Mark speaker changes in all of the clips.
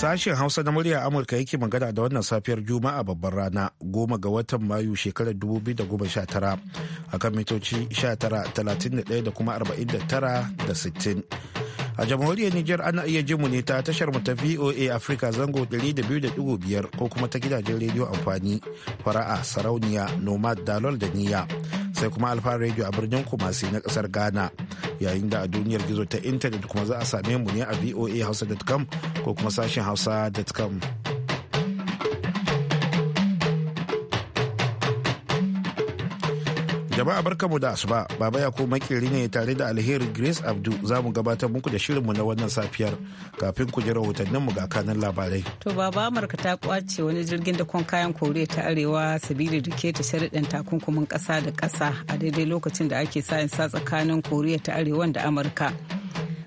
Speaker 1: Sashen Hausa na murya Amurka yake magana da wannan safiyar Juma'a babbar rana goma ga watan Mayu shekarar 2019 kan mitoci 19, 31 da kuma 49 da 60. a jamhuriyar niger ana iya jinmu ne ta tashar mu ta VOA Africa zango 200.5 ko kuma ta gidajen rediyo amfani fara'a sarauniya nomad dalol da niya sai kuma alfa radio a birnin kumasi na kasar ghana yayin da a duniyar gizo ta intanet kuma za a same mu ne a voa hausa.com ko kuma sashen hausa.com Jama'a barkamu da asuba, Baba ya ko makiri ne tare da alheri Grace Abdu za mu gabatar muku da shirinmu na wannan safiyar kafin ku ji rahotannin mu ga kanan labarai.
Speaker 2: To Baba Amurka ta kwace wani jirgin da kon kayan Koriya ta Arewa sabili da ta sharaɗin takunkumin ƙasa da kasa a daidai lokacin da ake sa sa tsakanin Koriya ta Arewa da Amurka.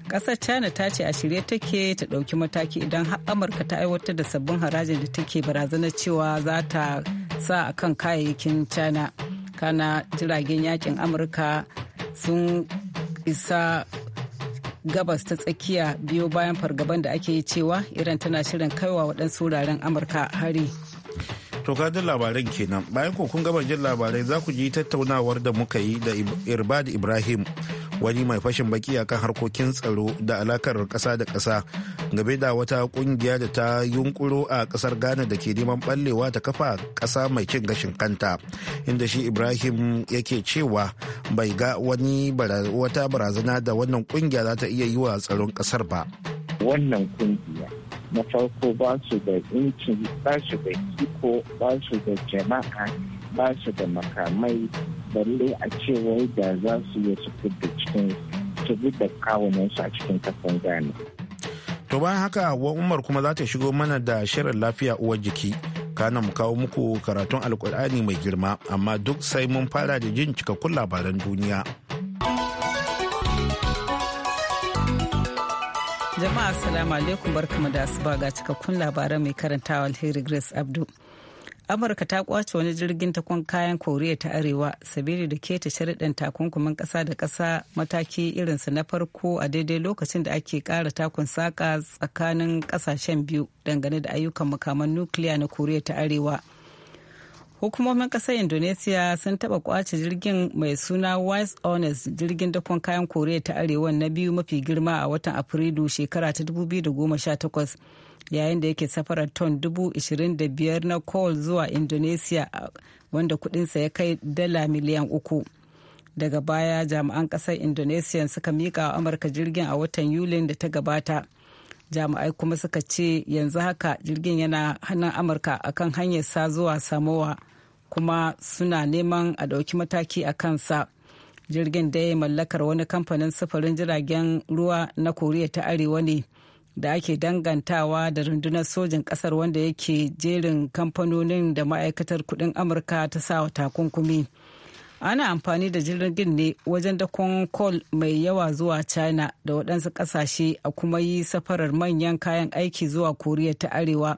Speaker 2: kasar china ta ce a shirye take ta ɗauki mataki idan amurka ta aiwatar da sabbin harajin da take barazanar cewa za ta sa akan kayayyakin china amurka na jiragen yakin amurka sun isa gabas ta tsakiya biyo bayan fargaban da ake yi cewa iran tana shirin kaiwa waɗansu wuraren amurka hari
Speaker 1: to jin labaran kenan bayan kokun gama jin labarai za ku ji tattaunawar da muka yi da irbad ibrahim wani mai fashin baki akan harkokin tsaro da alakar ƙasa da ƙasa game da wata ƙungiya da ta yunkuro a ƙasar ghana da ke neman ɓallewa ta kafa ƙasa mai cin gashin kanta inda shi ibrahim yake cewa bai ga wani wata barazana da wannan ƙungiya za ta iya yi wa tsaron ƙasar ba wannan ƙungiya na farko ba su da inci ba su da kiko ba su da jama'a
Speaker 3: ba su da makamai balle a cewa wai da za su yi su da cikin su kawunansu a cikin kasan gani
Speaker 1: to bayan haka wa umar kuma za ta shigo mana da shirin lafiya uwar jiki kana mu kawo muku karatun alkur'ani mai girma amma duk sai mun fara da jin cikakkun labaran duniya
Speaker 2: jama'a salamu alaikum barkamu da asuba ga cikakkun labaran mai karantawa alheri grace abdu amurka ta kwace wani jirgin takon kayan koriya ta arewa sabili da keta sharaɗin takunkumin ƙasa da ƙasa mataki irinsa na farko a daidai lokacin da ake ƙara takun saƙa tsakanin ƙasashen biyu dangane da ayyukan makaman nukiliya na koriya ta arewa hukumomin kasar indonesiya sun taba kwace jirgin mai suna wise honest jirgin dakon kayan koriya ta arewa na biyu mafi girma a watan afrilu shekara ta 2018 yayin da yake safarar ton 25,000 na coal zuwa indonesiya wanda kudinsa ya kai dala miliyan uku daga baya jami'an kasar indonesiya suka mika wa amurka jirgin a watan yulin da ta gabata jami'ai kuma suka ce yanzu haka jirgin yana hannun amurka akan hanyar sa zuwa samowa kuma suna neman a ɗauki mataki a kansa jirgin dai mallakar wani kamfanin sufurin jiragen ruwa na koriya ta arewa ne da ake dangantawa da rundunar sojin ƙasar wanda yake jerin kamfanonin da ma'aikatar kudin amurka ta sa wa takunkumi ana amfani da jirgin ne wajen dakon kol mai yawa zuwa china da waɗansu ƙasashe a kuma yi safarar manyan kayan aiki zuwa koriya ta arewa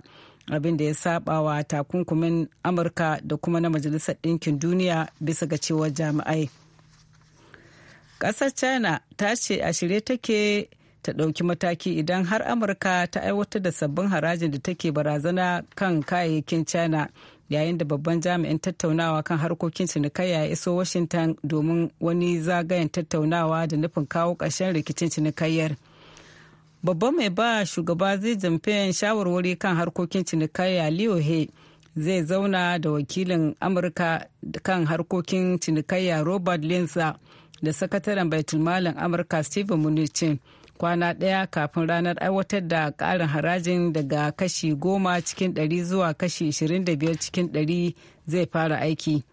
Speaker 2: abin da ya saba wa takunkumin amurka da kuma na majalisar ɗinkin duniya bisa ga cewar jami'ai ƙasar china ta ce a shirye take ta ɗauki mataki idan har amurka ta aiwatar da sabbin harajin da take barazana kan kayayyakin china yayin da babban jami'in tattaunawa kan harkokin cinikayya ya iso washington domin wani zagayen tattaunawa da nufin kawo ƙarshen rikicin cinikayyar. babban mai ba shugaba zai jamfen shawarwari kan harkokin cinikayya leo he zai zauna da wakilin amurka kan harkokin cinikayya robert linsa da sakataren baitulmalin amurka steven Munichin kwana ɗaya kafin ranar aiwatar da ƙarin harajin daga kashi goma cikin 100 zuwa kashi 25 cikin 100 zai fara aiki.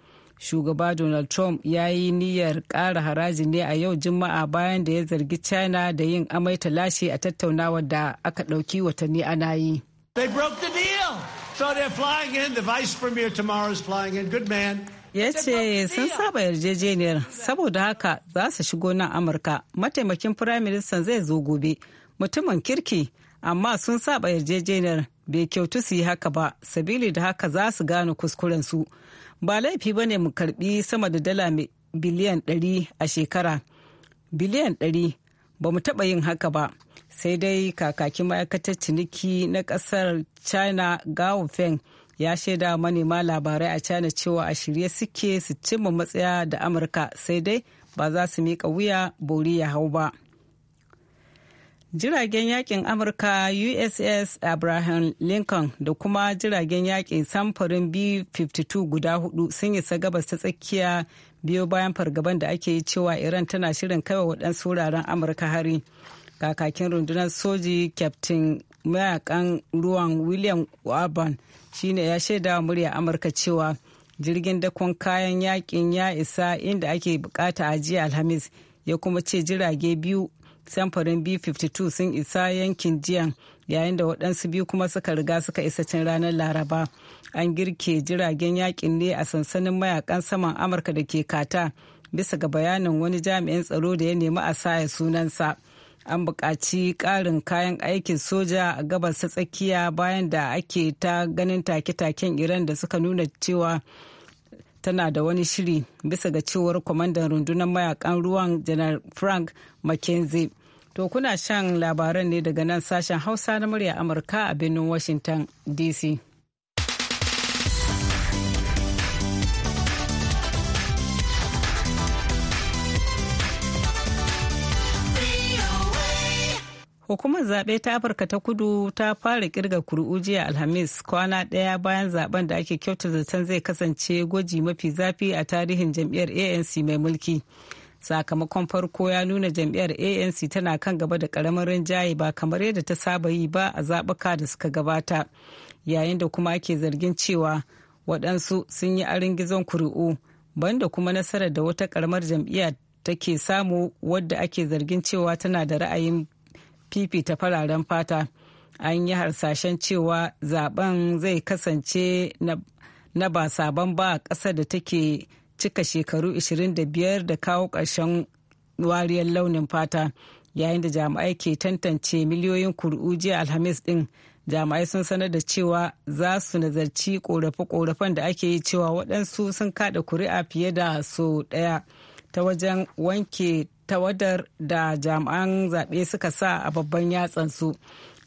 Speaker 2: shugaba donald trump ya yi niyyar kara haraji ne a yau juma'a bayan da ya zargi china da yin amai ta lashe a tattaunawar da aka ɗauki watanni ana yi ya ce sun saba yarjejeniyar saboda haka za su shigo nan amurka mataimakin firaministan zai zo gobe mutumin kirki amma sun saba yarjejeniyar bai kyautu su yi haka ba sabili da haka za su gane kuskurensu ba laifi ba ne mu karbi sama da dala biliyan 100 a shekara biliyan 100 ba mu taɓa yin haka ba sai dai kakakin ma'aikatar ciniki na ƙasar china gao feng ya shaida manema labarai a china cewa a shirye suke su cimma matsaya da amurka sai dai ba za su miƙa wuya bori ya hau ba. jiragen yakin amurka uss abraham lincoln da kuma jiragen yakin samfurin b-52 guda hudu sun isa gabas ta tsakiya biyo bayan fargaban da ake yi cewa iran tana shirin kawai waɗansu wuraren amurka hari kakakin rundunar soji captain mayakan ruwan william urban shine ya shaidawa murya amurka cewa jirgin dakon kayan yakin ya isa inda ake bukata a jiya alhamis ya kuma ce jirage biyu samfurin b-52 sun isa yankin jiyan yayin da waɗansu biyu kuma suka riga suka isa cin ranar laraba an girke jiragen yakin ne a sansanin mayakan saman amurka da ke kata bisa ga bayanin wani jami'in tsaro da ya nemi a saya sunansa an buƙaci ƙarin kayan aikin soja a gabas ta tsakiya bayan da ake ta ganin take-taken iran da suka nuna cewa tana da wani shiri bisa ga cewar kwamandan rundunar mayakan ruwan janar frank mckenzie To kuna shan labaran ne daga nan sashen Hausa na murya Amurka a birnin Washington DC. Hukumar zaɓe ta Afirka ta kudu ta fara kirga kuri'u jiya Alhamis kwana ɗaya bayan zaben da ake kyauta zaton zai kasance gwaji mafi zafi a tarihin jam'iyyar ANC mai mulki. sakamakon farko ya nuna jam'iyyar anc tana kan gaba da karamin rinjaye ba kamar yadda ta saba yi ba a zaɓuka da suka gabata yayin da kuma ake zargin cewa waɗansu sun yi arin gizon kuri'u banda kuma nasarar da wata karamar jam'iyya take samu wadda ake zargin cewa tana da ra'ayin fifita fararen fata an yi harsashen cewa zaben zai kasance na ba sabon ba a ƙasar da take cika shekaru 25 da kawo ƙarshen wariyar launin fata yayin da jami'ai ke tantance miliyoyin kuru'u jiya alhamis din jami'ai sun sanar da cewa za su nazarci korafe-korafen da ake yi cewa waɗansu sun kaɗa kuri'a fiye da so ɗaya ta wajen wanke tawadar da jami'an zaɓe suka sa a babban yatsansu. su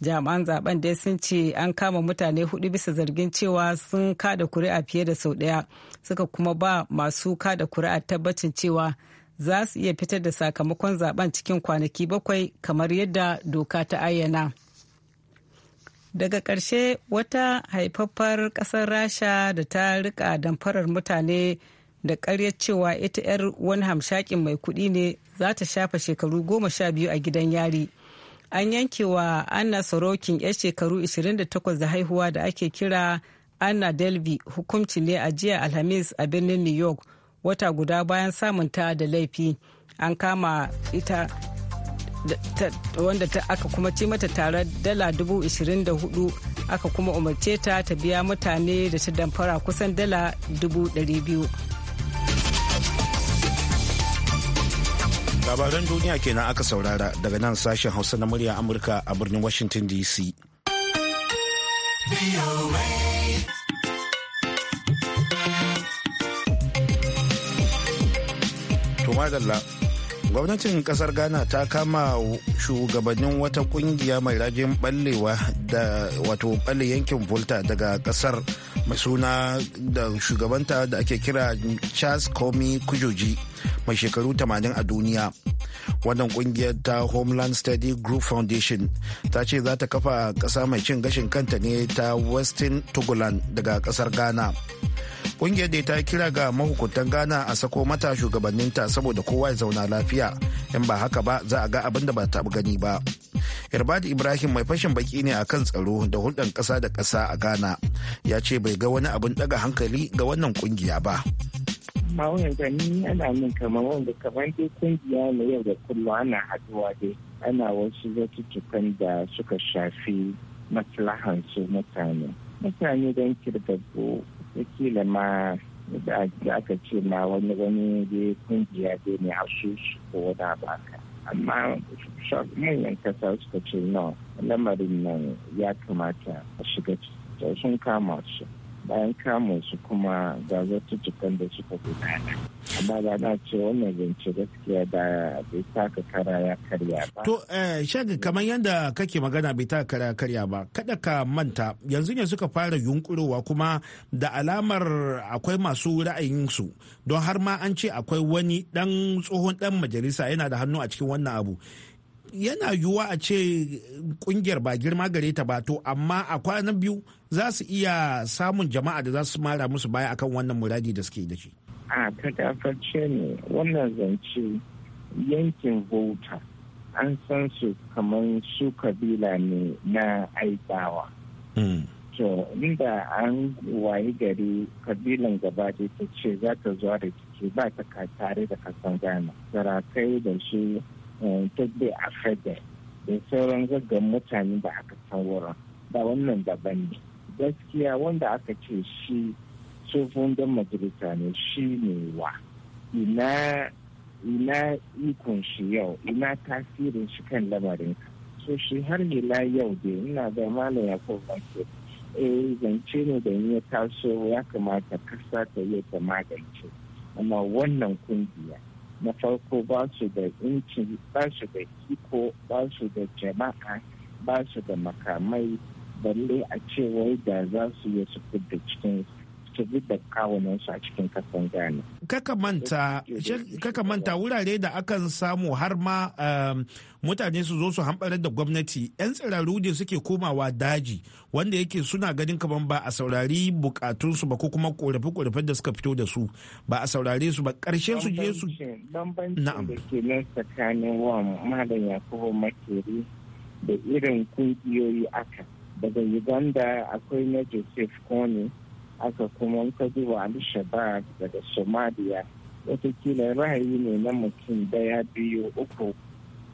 Speaker 2: jami'an zaben dai sun ce an kama mutane hudu bisa zargin cewa sun kada kuri'a fiye da sau daya suka kuma ba masu kada kuri'a tabbacin cewa za su iya fitar da sakamakon zaben cikin kwanaki bakwai kamar yadda doka ta ayyana daga ƙarshe wata haifaffar ƙasar rasha da ta rika damfarar mutane da karyar cewa ita 'yar wani hamshakin mai kuɗi ne za ta shafa shekaru goma sha biyu a gidan yari. an yanke wa anna sorokin 'yar shekaru 28 da haihuwa da ake kira anna delvi hukunci ne a jiya alhamis a birnin new york wata guda bayan samunta da laifi an kama ita wanda aka kuma ci mata tare dala 24,000 aka kuma umarce ta ta biya mutane da ta damfara kusan dala
Speaker 1: labaran duniya kenan aka saurara daga nan sashen hausa na murya amurka a birnin washington dc tumadalla gwamnatin kasar ghana ta kama shugabannin wata kungiya mai rajin ballewa da wato balle yankin volta daga kasar mai suna da shugabanta da ake kira charles komi kujoji mai shekaru 80 a duniya wannan kungiyar ta homeland study group foundation ta ce za ta kafa ƙasa mai cin gashin kanta ne ta western togoland daga ƙasar ghana kungiyar da ta kira ga mahukuntan ghana a sako mata shugabanninta saboda kowa ya zauna lafiya in ba haka ba za a ga abin da ba ta gani ba irbad ibrahim mai fashin baki ne a kan tsaro da hulɗar ƙasa da ƙasa a ghana ya ce bai ga wani abin ɗaga hankali ga wannan ƙungiya ba
Speaker 3: ma wanda gani ana min kamar wanda kamar dai kungiya na yau da kullum ana haduwa dai ana wasu zatuttukan da suka shafi maslahan su mutane mutane don kirbabbo wakila ma da aka ce ma wani wani dai kungiya dai ne a su ko wada baka amma manyan kasa suka ce no lamarin nan ya kamata a shiga sun kama su bayan kamun su kuma ga zartuttukan da suka gudana amma ba na ce wannan zance gaskiya da bai taka kara ya karya ba to
Speaker 1: eh shaga kamar yadda kake magana bai taka kara ya karya ba kada ka manta yanzu ne suka fara yunkurowa kuma da alamar akwai masu ra'ayin su don har ma an ce akwai wani dan tsohon dan majalisa yana da hannu a cikin wannan abu yana yiwuwa a ce kungiyar ba girma gare ta ba to amma a kwanan biyu za su iya samun jama'a da za su mara musu baya akan wannan muradi da suke da shi.
Speaker 3: a kakafarce ne wannan zance yankin bauta an san su kamar su kabila ne na aibawa. Hmm. to inda an wayi gari kabilan gaba ta ce za ta zuwa da ciki ba ta tare da kasan gana sarakai da shi Eh, ta bai fada da sauran gaggan mutane da aka san wurin ba wannan daban ne gaskiya wanda aka ce shi tsofin don majalisa ne shi ne wa ina ikon shi yau ina tasirin shi kan lamarin so shi har ila yau da ina da malam ya kowace eh zance ne da ya taso ya kamata kasa ta yi ta magance amma wannan kungiya na farko ba su da inci ba su da iko ba su da jama'a ba su da makamai balle a cewar da za su yi su da cikin su duk da kawunansu a cikin kasan Ghana.
Speaker 1: Kaka manta wurare da akan samu har ma um, mutane su zo su hambarar da gwamnati 'yan tsiraru ne suke komawa daji wanda yake suna ganin kaman ba a saurari bukatunsu ba ko kuma korafe-korafen da suka fito da su ba a saurare su ba karshe su je su.
Speaker 3: Bambancin da ke tsakanin wa Malam Yakubu Makeri da irin kungiyoyi aka daga Uganda akwai na Joseph Kone. aka kuma ka duba ali shabab daga somalia watakila ra'ayi ne na mutum daya biyu uku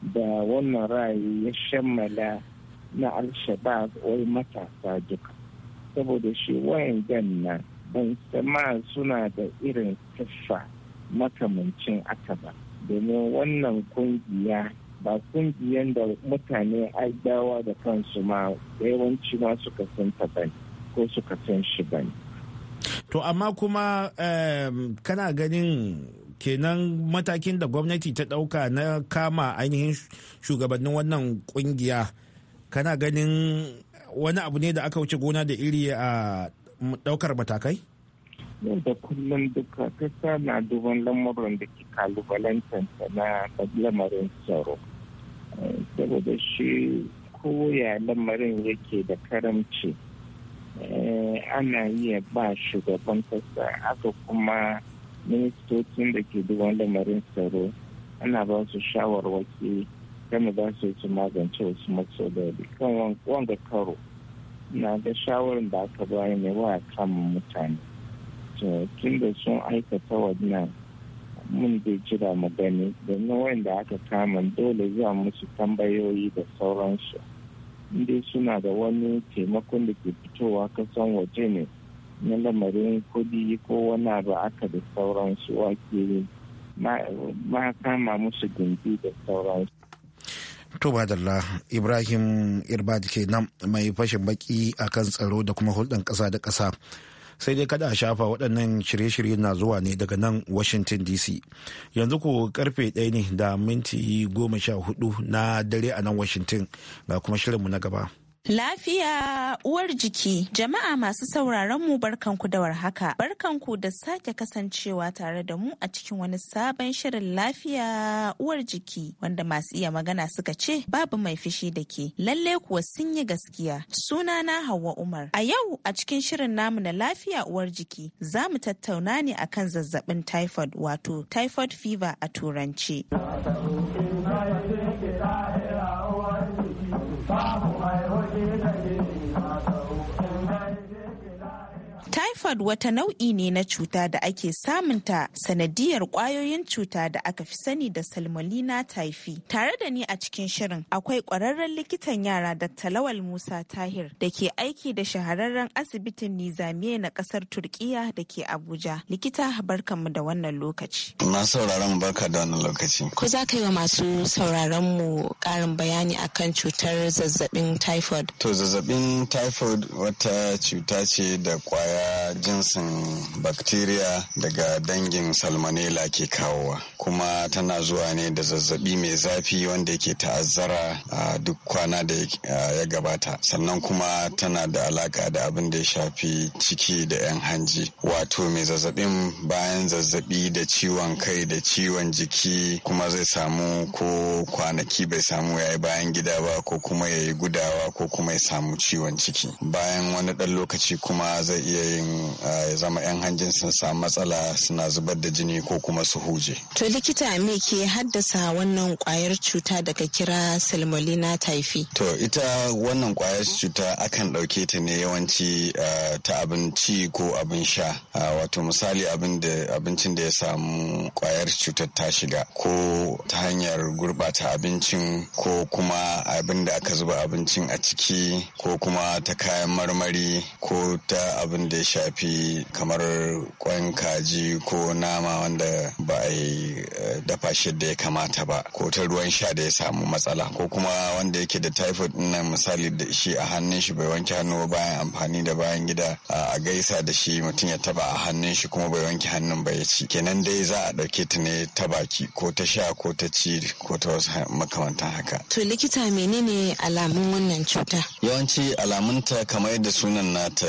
Speaker 3: da wannan ra'ayi ya shammala na al shabab wai matasa duka saboda shi wayan ganna ban sama suna da irin siffa makamancin aka ba domin wannan kungiya ba kungiyan da mutane aidawa da kansu ma yawanci ma suka san ta ko suka san shi bane
Speaker 1: to amma kuma kana ganin kenan matakin da gwamnati ta ɗauka na kama ainihin shugabannin wannan kungiya kana ganin wani abu ne da aka wuce gona da iri a ɗaukar matakai? yau da kullum duka
Speaker 3: kasa na duban lamuran da ke kalubalantanta na lamarin tsaro saboda shi koya lamarin yake da karamci Eh, ana iya ba shugaban kasa haka kuma ministocin da ke duban lamarin tsaro ana ba su shawarwaki game ba su su magance wasu matsaloli kan wanga karo na da shawarar da aka bayar ne wa kan mutane tun da sun aikata wannan mun bai jira mu gani domin wanda aka kama dole zuwa musu tambayoyi da sauransu inda suna da wani taimakon da ke fitowa kasan waje ne na lamarin kudi ko wani abu aka da sauransu wake ma kama musu gindi da sauransu
Speaker 1: To madalla Ibrahim Irbad ke kenan mai fashin baki akan tsaro da kuma hulɗan ƙasa da ƙasa. sai dai kada a shafa waɗannan shirye shiryen na zuwa ne daga nan washington dc yanzu ku karfe ɗaya ne da minti goma sha hudu na dare a nan washington ga kuma shirinmu na gaba.
Speaker 4: Lafiya uwar jiki jama'a masu sauraron mu barkanku da warhaka barkanku da sake kasancewa tare da mu a cikin wani sabon shirin lafiya uwar jiki wanda masu iya magana suka ce babu mai fishi da ke lalle kuwa sun yi gaskiya suna na Hauwa Umar a yau a cikin shirin namu na lafiya uwar jiki za mu tattauna ne akan zazzabin typhoid wato typhoid fever a turanci. taifoid wata nau'i ne na cuta da ake samunta sanadiyar kwayoyin cuta da aka fi sani da salmonella typhi. Tare da ni a cikin shirin akwai kwararren likitan yara da Talawal Musa Tahir da ke aiki da shahararren asibitin Nizamiye na kasar Turkiya da ke Abuja. Likita barkanmu da wannan lokaci.
Speaker 5: Na sauraron barka da wannan lokaci. Ko za ka yi wa
Speaker 4: masu sauraron mu karin bayani akan cutar zazzabin typhoid?
Speaker 5: To zazzabin typhoid wata cuta ce da kwaya jinsin bakteriya daga dangin salmonella ke kawowa kuma tana zuwa ne da zazzabi mai zafi wanda ke ta'azzara a duk kwana da ya gabata sannan kuma tana da alaka da abin da ya shafi ciki da 'yan hanji wato mai zazzabin bayan zazzabi da ciwon kai da ciwon jiki kuma zai samu ko kwanaki bai samu ya yi bayan gida ba ko kuma ya yi gudawa ko kuma ya samu ciwon ciki bayan wani ɗan lokaci kuma zai iya yin ya zama 'yan hanjin sun samu matsala suna zubar da jini ko kuma su huje.
Speaker 4: To likita me ke haddasa wannan kwayar cuta daga kira salmonella taifi
Speaker 5: To ita wannan kwayar cuta akan ɗauke ta ne yawanci ta abinci ko abin sha. Wato misali abincin da ya samu kwayar cutar ta shiga ko ta hanyar gurbata abincin ko kuma abin da aka zuba abincin a ciki ko kuma ta kayan marmari ko ta abin da ya shafi fi kamar kwan kaji ko nama wanda ba a yi eh, dafa shi da ya kamata ba ko ta ruwan sha da ya samu matsala ko kuma wanda yake da typhoid nan misali da shi a hannun shi bai wanke hannu bayan amfani da bayan gida a gaisa da shi mutum ya taba a hannun shi kuma bai wanke hannun ba ya ci kenan dai za a ɗauke ta ne ta baki ko ta sha ko ta ci ko ta wasu makamantan haka.
Speaker 4: To likita menene alamun wannan cuta?
Speaker 5: Yawanci alamunta kamar yadda sunan nata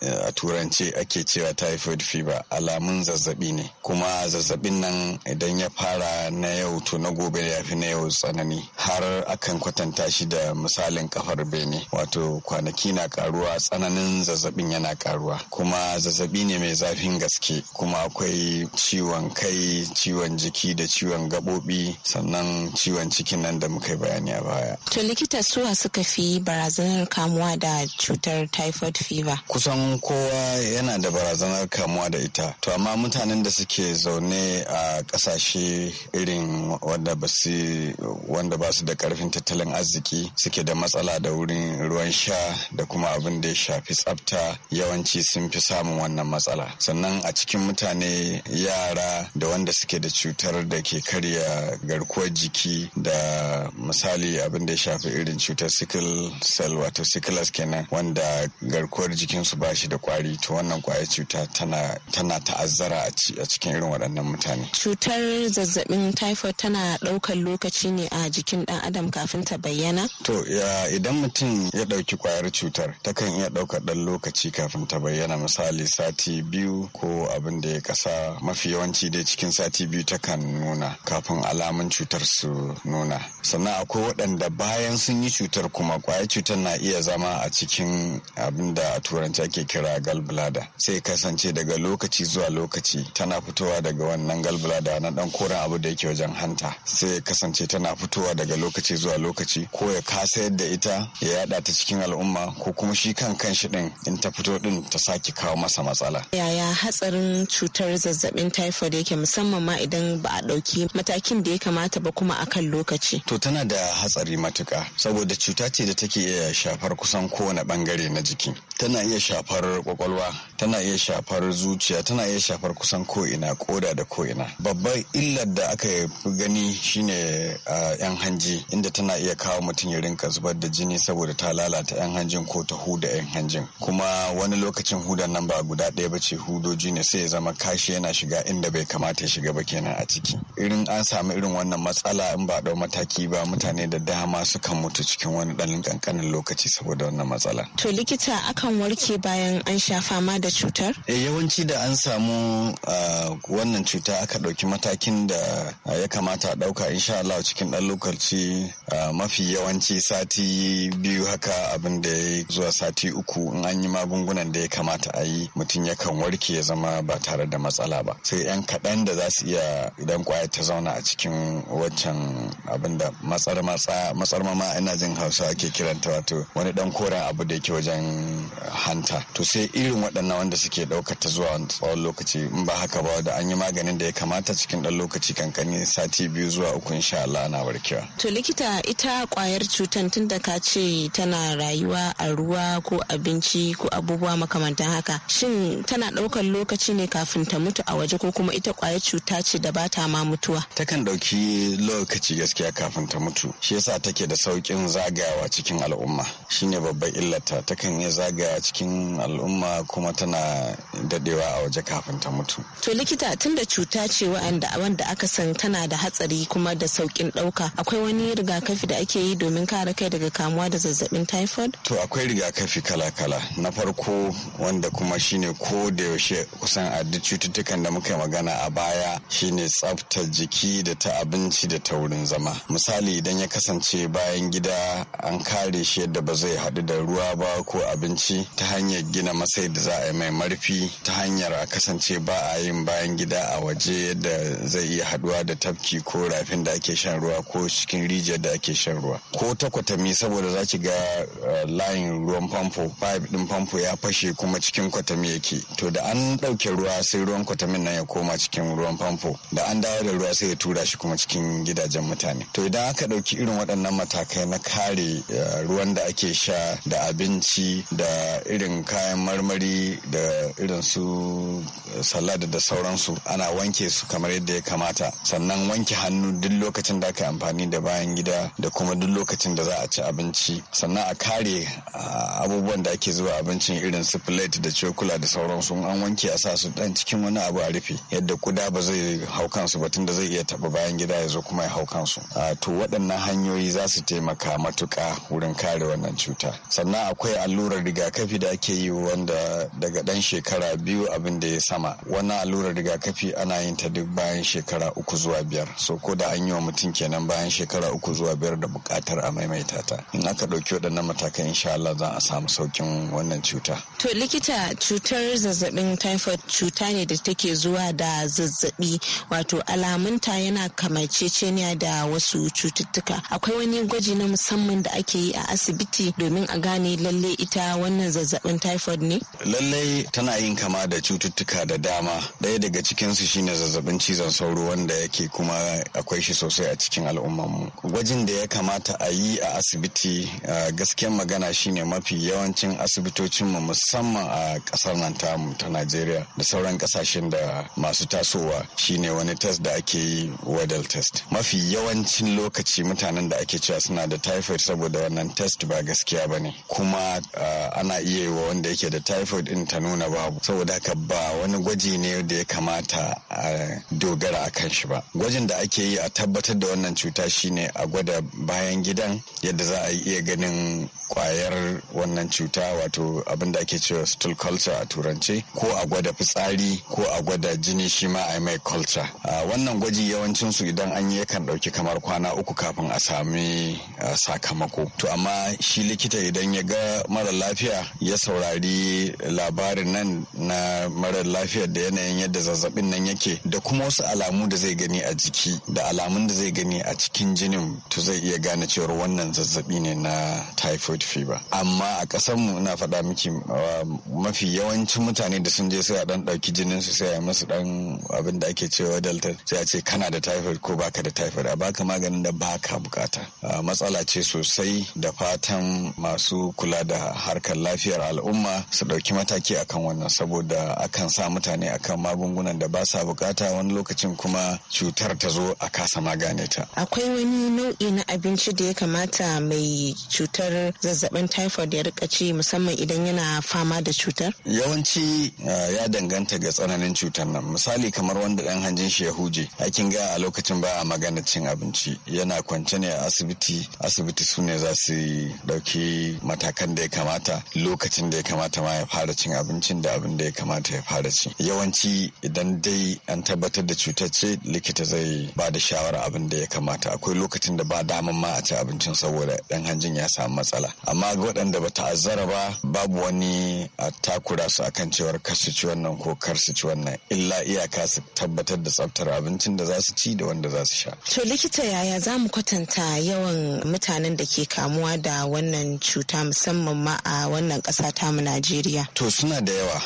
Speaker 5: eh, a turanci ce ake cewa typhoid fever alamun zazzabi ne kuma zazzabin nan idan ya fara na yau to na gobe ya fi na yau tsanani har akan kwatanta shi da misalin kafar bene wato kwanaki na karuwa tsananin zazzabin yana karuwa kuma zazzabi ne mai zafin gaske kuma akwai ciwon kai ciwon jiki da ciwon gabobi sannan ciwon cikin nan da muka bayani a baya
Speaker 4: to likita suwa suka fi barazanar kamuwa da cutar typhoid fever
Speaker 5: kusan kowa yana da barazanar kamuwa da ita to amma mutanen da suke zaune a kasashe irin wanda ba su wanda ba su da karfin tattalin arziki suke da matsala da wurin ruwan sha da kuma abin da ya shafi tsafta yawanci sun fi samun wannan matsala sannan a cikin mutane yara da wanda suke da cutar da ke karya garkuwar jiki da misali abin da ya shafi irin cutar sickle cell wato sickles kenan wanda garkuwar jikinsu ba shi da kwari to wannan kwayar cuta tana ta'azzara a cikin irin waɗannan mutane
Speaker 4: cutar zazzabin typhoid tana ɗaukar lokaci ne a jikin ɗan adam kafin ta bayyana
Speaker 5: to idan mutum ya ɗauki kwayar cutar ta kan iya ɗaukar ɗan lokaci kafin ta bayyana misali sati biyu ko abin da ya kasa mafi yawanci dai cikin sati biyu ta kan nuna kafin alamun cutar su nuna sannan akwai waɗanda bayan sun yi cutar kuma kwayar cutar na iya zama a cikin abin da a turanci ake kira gallbladder gallbladder sai kasance daga lokaci zuwa lokaci tana fitowa daga wannan galbulada na dan koren abu da yake wajen hanta sai kasance tana fitowa daga lokaci zuwa lokaci ko ya kasa yadda ita ya yada ta cikin al'umma ko kuma shi kan kan shi din in ta fito din ta sake kawo masa matsala
Speaker 4: yaya hatsarin cutar zazzabin typhoid yake musamman ma idan ba a dauki matakin da ya kamata ba kuma akan lokaci to tana da
Speaker 5: hatsari matuka saboda cuta ce da take iya shafar kusan kowane bangare na jiki tana iya shafar kwakwalwa tana iya shafar zuciya tana iya shafar kusan ko'ina koda da ko'ina babbar illar da aka yi gani shine a yan hanji inda tana iya kawo mutum ya rinka zubar da jini saboda ta lalata yan hanjin ko ta huda yan hanjin kuma wani lokacin hudan nan ba guda ɗaya ba ce hudoji ne sai ya zama kashi yana shiga inda bai kamata ya shiga ba kenan a ciki irin an samu irin wannan matsala in ba ɗau mataki ba mutane da dama sukan mutu cikin wani ɗan ƙanƙanin lokaci saboda wannan matsala
Speaker 4: to likita aka kan warke bayan an sha fama da cutar?
Speaker 5: Eh, yawanci da an samu wannan cuta aka ɗauki matakin da ya kamata a ɗauka insha Allah cikin ɗan lokaci mafi yawanci sati biyu haka abin da ya zuwa sati uku in an yi magungunan da ya kamata a yi mutum yakan warke ya zama ba tare da matsala ba sai 'yan kaɗan da za su iya idan kwaya ta zauna a cikin waccan abin da matsar matsa matsar mama ina jin hausa ake kiranta wato wani ɗan koren abu da yake wajen hanta to sai irin waɗannan wanda suke ɗaukar ta zuwa tsawon lokaci in ba haka ba da an yi maganin da ya kamata cikin ɗan lokaci kankani sati biyu zuwa uku insha Allah ana warkewa.
Speaker 4: To likita ita kwayar cutan tun da ka ce tana rayuwa a ruwa ko abinci ko abubuwa makamantan haka shin tana ɗaukar lokaci ne kafin ta mutu a waje ko kuma ita kwayar cuta ce da ba ta ma mutuwa.
Speaker 5: Takan ɗauki lokaci gaskiya kafin ta mutu shi yasa take da sauƙin zagayawa cikin al'umma shine babban illata takan yi zagaya a cikin al'umma kuma tana dadewa a waje kafin ta mutu.
Speaker 4: To likita tun da cuta ce wa'anda wanda aka san tana da hatsari kuma da saukin dauka akwai wani rigakafi da ake yi domin kare kai daga kamuwa da zazzabin typhoid?
Speaker 5: To akwai rigakafi kala-kala na farko wanda kuma shine ko da yaushe kusan a duk cututtukan da muka magana a baya shine tsafta jiki da ta abinci da ta wurin zama. Misali idan ya kasance bayan gida an kare shi yadda ba zai haɗu da ruwa ba ko abinci shi ta hanyar gina masai da za a yi mai marfi ta hanyar a kasance ba a yin bayan gida a waje da zai iya haduwa da tafki ko rafin da ake shan ruwa ko cikin rijiyar da ake shan ruwa ko ta kwatami saboda za ki ga eh, layin ruwan famfo pipe din famfo ya fashe kuma cikin kwatami yake to da an ɗauke ruwa sai ruwan kwatamin nan ya koma cikin ruwan famfo da an dawo da ruwa sai ya tura shi kuma cikin gidajen mutane to idan aka ɗauki irin waɗannan matakai na kare eh, ruwan da ake sha da abinci da irin kayan marmari da irin su salad da sauransu ana wanke su kamar yadda ya kamata sannan wanke hannu duk lokacin da aka amfani da bayan gida da kuma duk lokacin da za a ci abinci sannan a kare abubuwan da ake zuwa abincin irin su plate da cokula da sauransu an wanke a sa su dan cikin wani abu a rufe yadda kuda ba zai hau kansu ba tunda zai iya taba bayan gida ya zo kuma ya hau kansu to waɗannan hanyoyi za su taimaka matuƙa wurin kare wannan cuta sannan akwai allurar rigakafi rigakafi da ake yi wanda daga ɗan shekara biyu abin da ya sama wannan allurar rigakafi ana yin ta duk bayan shekara uku zuwa biyar so ko da an yi wa mutum kenan bayan shekara uku zuwa biyar da bukatar a maimaita ta in aka ɗauki waɗannan matakan insha Allah za a samu saukin wannan cuta.
Speaker 4: To likita cutar zazzabin typhoid cuta ne da take zuwa da zazzabi wato alamunta yana kamaceceniya da wasu cututtuka akwai wani gwaji na musamman da ake yi a asibiti domin a gane lalle ita wannan wannan zazzabin typhoid ne?
Speaker 5: Lallai tana yin kama da cututtuka da dama. Ɗaya daga cikinsu shine zazzabin cizon sauro wanda yake kuma akwai shi sosai a cikin al'ummarmu. Gwajin da ya kamata a yi a asibiti gaskiyar magana shine mafi yawancin asibitocin mu musamman a ƙasar nan tamu ta Najeriya da sauran kasashen da masu tasowa shine wani test da ake yi wadal test. Mafi yawancin lokaci mutanen da ake cewa suna da typhoid saboda wannan test ba gaskiya ba ne. Kuma ana ana iya yi wa wanda yake da typhoid din ta nuna babu saboda haka ba wani gwaji ne da ya kamata a dogara a kan shi ba gwajin da ake yi a tabbatar da wannan cuta shine a gwada bayan gidan yadda za a iya ganin kwayar wannan cuta wato abin da ake cewa stool culture a turance ko a gwada fitsari ko a gwada jini shi ma a mai culture wannan gwaji yawancin su idan an yi yakan dauki kamar kwana uku kafin a sami sakamako to amma shi likita idan ya ga mara lafiya lafiya ya saurari labarin nan na marar lafiyar da yanayin yadda zazzabin nan yake da kuma wasu alamu da zai gani a jiki da alamun da zai gani a cikin jinin to zai iya gane cewar wannan zazzabi ne na typhoid fever amma a ƙasar mu ina faɗa miki um, mafi yawancin mutane da sun je sai a dan ɗauki jinin su sai a musu dan abin da ake cewa delta sai a ce kana da typhoid ko baka da typhoid a baka maganin da baka bukata ah, matsala ce sosai da fatan masu kula da harkar lafiyar al'umma su ɗauki mataki akan wannan saboda akan sa mutane akan magungunan da ba sa bukata wani lokacin kuma cutar ta zo a kasa magane ta.
Speaker 4: Akwai wani nau'i na abinci da ya kamata mai cutar zazzabin typhoid ya rika ci musamman idan yana fama da cutar?
Speaker 5: Yawanci ah, ya danganta ga tsananin cutar nan misali kamar wanda ɗan hanjin shi ya huje aikin ga a lokacin ba a magana cin abinci yana kwance ne a asibiti asibiti su ne za su ɗauki matakan da ya kamata lokacin da ya kamata ma ya fara cin abincin da abin da ya kamata ya fara ci yawanci idan dai an tabbatar da cutar ce likita zai ba da shawara abin da ya kamata akwai lokacin da ba daman ma a ci abincin saboda dan hanjin ya samu matsala amma ga waɗanda ba ta'azzara ba babu wani a takura su akan cewar kar su ci wannan ko kar su ci wannan illa iyaka su tabbatar da tsaftar abincin da za su ci da wanda za su sha
Speaker 4: to likita yaya za mu kwatanta yawan mutanen da ke kamuwa da wannan cuta musamman ma a wannan ƙasa mu Najeriya?
Speaker 5: To suna da yawa,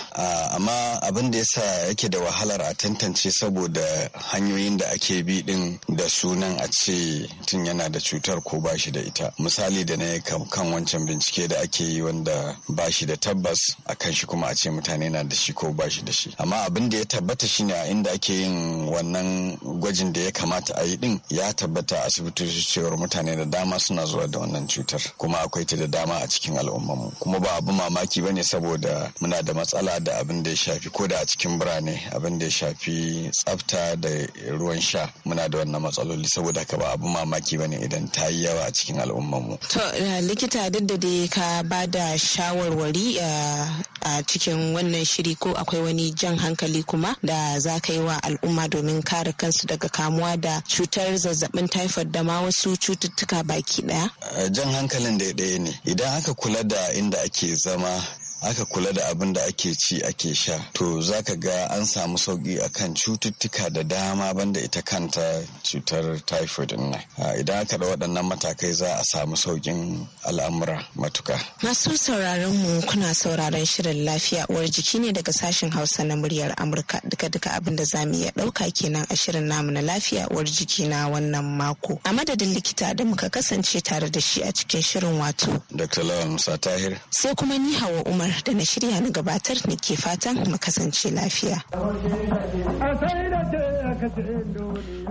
Speaker 5: amma abin da yasa yake da wahalar a tantance saboda hanyoyin da ake bi din da sunan a ce tun yana da cutar ko ba shi da ita. Misali da na kan wancan bincike da ake yi wanda ba shi da tabbas a kan shi kuma a ce mutane na da shi ko ba shi da shi. Amma abin da ya tabbata shi ne a inda ake yin wannan gwajin da ya kamata a yi din ya tabbata asibitoci cewar mutane da dama suna zuwa da wannan cutar kuma akwai ta da dama a cikin mu kuma ba abu mamaki bane saboda muna da matsala da abin da ya shafi ko da a cikin birane abin da ya shafi tsafta da ruwan sha muna da wannan matsaloli saboda haka ba abu mamaki bane idan ta yi yawa a cikin al'ummarmu.
Speaker 4: To eh, likita duk da dai ka ba da shawarwari eh, a cikin wannan shiri ko akwai wani jan hankali kuma da za ka yi wa al'umma domin kare kansu daga kamuwa da cutar zazzabin taifot da ma wasu cututtuka baki ɗaya.
Speaker 5: Eh, jan hankalin da ɗaya ne idan aka kula da inda ake ke zama aka kula da abin da ake ci ake sha to za ka ga an samu sauki akan cututtuka da dama banda ita kanta cutar typhoid nan ah, idan aka da waɗannan matakai za a samu saukin al'amura matuka
Speaker 4: masu sauraron mu kuna sauraron shirin lafiya uwar jiki ne daga sashen hausa na muryar amurka duka duka abin da za mu iya ɗauka kenan a shirin namu na lafiya uwar jiki na wannan mako a madadin likita da muka kasance tare da shi a cikin shirin wato
Speaker 5: dr lawan musa tahir
Speaker 4: sai kuma ni hawa umar Umar da na shirya na gabatar da ke fatan mu kasance lafiya.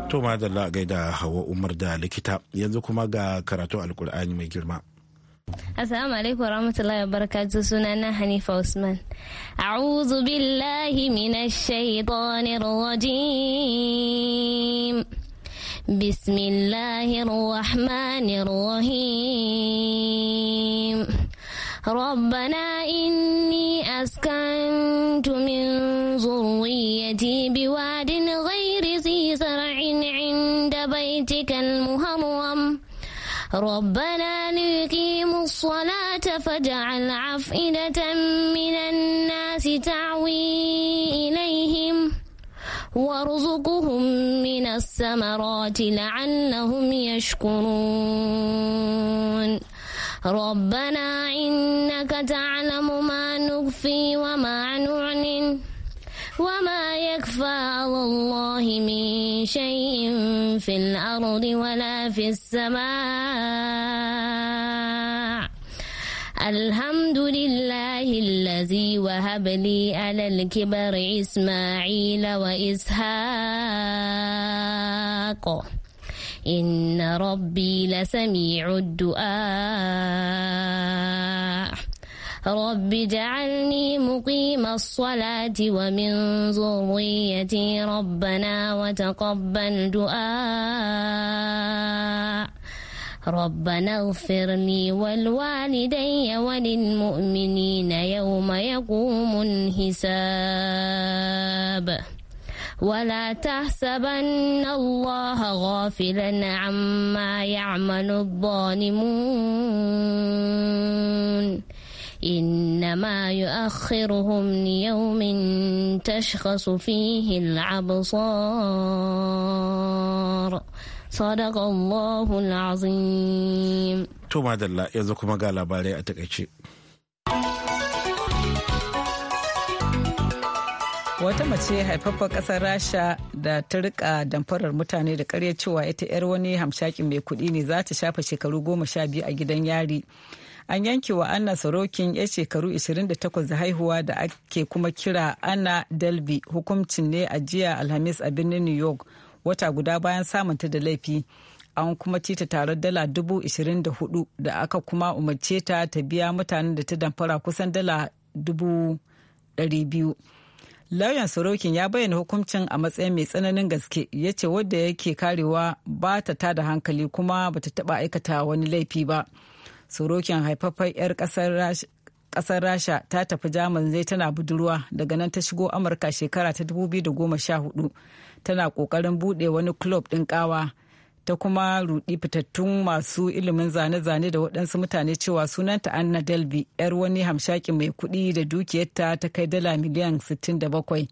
Speaker 1: To madalla gaida Hawa Umar da likita yanzu kuma ga karatu alkur'ani mai girma.
Speaker 6: Assalamu alaikum warahmatullahi wabarakatuh sunana Hanifa Usman. A'udhu billahi minash shaitanir rajim. Bismillahir rahmanir rahim. ربنا إني أسكنت من ذريتي بواد غير ذي زرع عند بيتك المهرم ربنا ليقيموا الصلاة فاجعل عفئدة من الناس تعوي إليهم وارزقهم من الثمرات لعلهم يشكرون ربنا إنك تعلم ما نخفي وما نعلن وما يكفى على الله من شيء في الأرض ولا في السماء الحمد لله الذي وهب لي على الكبر إسماعيل وإسحاق إن ربي لسميع الدعاء رب اجعلني مقيم الصلاة ومن ذريتي ربنا وتقبل دعاء ربنا اغفر لي والوالدي وللمؤمنين يوم يقوم الحساب ولا تحسبن الله غافلا عما يعمل الظالمون إنما يؤخرهم ليوم تشخص فيه الأبصار صدق الله العظيم
Speaker 1: توما دلا ما قال باري أتكشي
Speaker 2: wata mace haifaffen kasar rasha da ta rika damfarar mutane da karya cewa ita 'yar wani hamshakin mai kuɗi ne za ta shafa shekaru goma sha biyu a gidan yari an yanke wa anna sarokin ya shekaru 28 da haihuwa da ake kuma kira anna delvi hukumcin ne a jiya alhamis a birnin new york wata guda bayan samunta da laifi an kuma cita tare dala dubu ishirin da hudu da aka kuma umarce ta ta biya mutanen da ta damfara kusan dala dubu ɗari biyu lauyan sorokin ya bayyana hukuncin a matsayin mai tsananin gaske ya ce wadda yake karewa ba ta da hankali kuma ba ta taba aikata wani laifi ba sorokin haifafai 'yar kasar rasha ta tafi jamus zai tana budurwa daga nan ta shigo amurka shekara ta 2014 tana kokarin bude wani club din kawa ta kuma rudi fitattun masu ilimin zane-zane da waɗansu mutane cewa sunanta anna dalbi yar wani hamshakin mai kuɗi da dukiyarta ta kai dala miliyan 67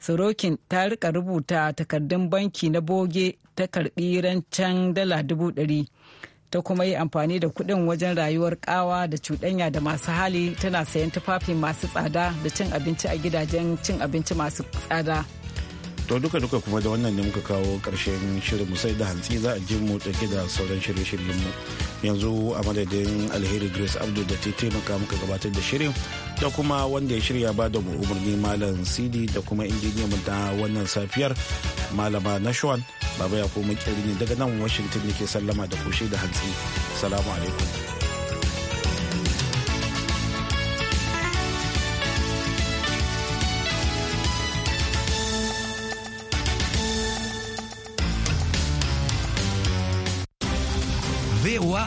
Speaker 2: sorokin ta rika rubuta takardun banki na boge ta karbi rancen dala dubu ɗari ta kuma yi amfani da kuɗin wajen rayuwar ƙawa da cuɗanya da masu hali tana sayan tufafi masu tsada da cin abinci a gidajen cin abinci masu tsada
Speaker 1: to duka duka kuma da wannan ne muka kawo karshen shirin mu sai da hantsi za a ji mu dauke da sauran shirye-shiryen mu yanzu a madadin alheri grace abdu da ta taimaka muka gabatar da shirin da kuma wanda ya shirya ba da umarni malam sidi da kuma injiniya mu na wannan safiyar malama nashwan baba ya koma ne daga nan washington ne ke sallama da kushe da hantsi salamu alaikum
Speaker 6: Wow.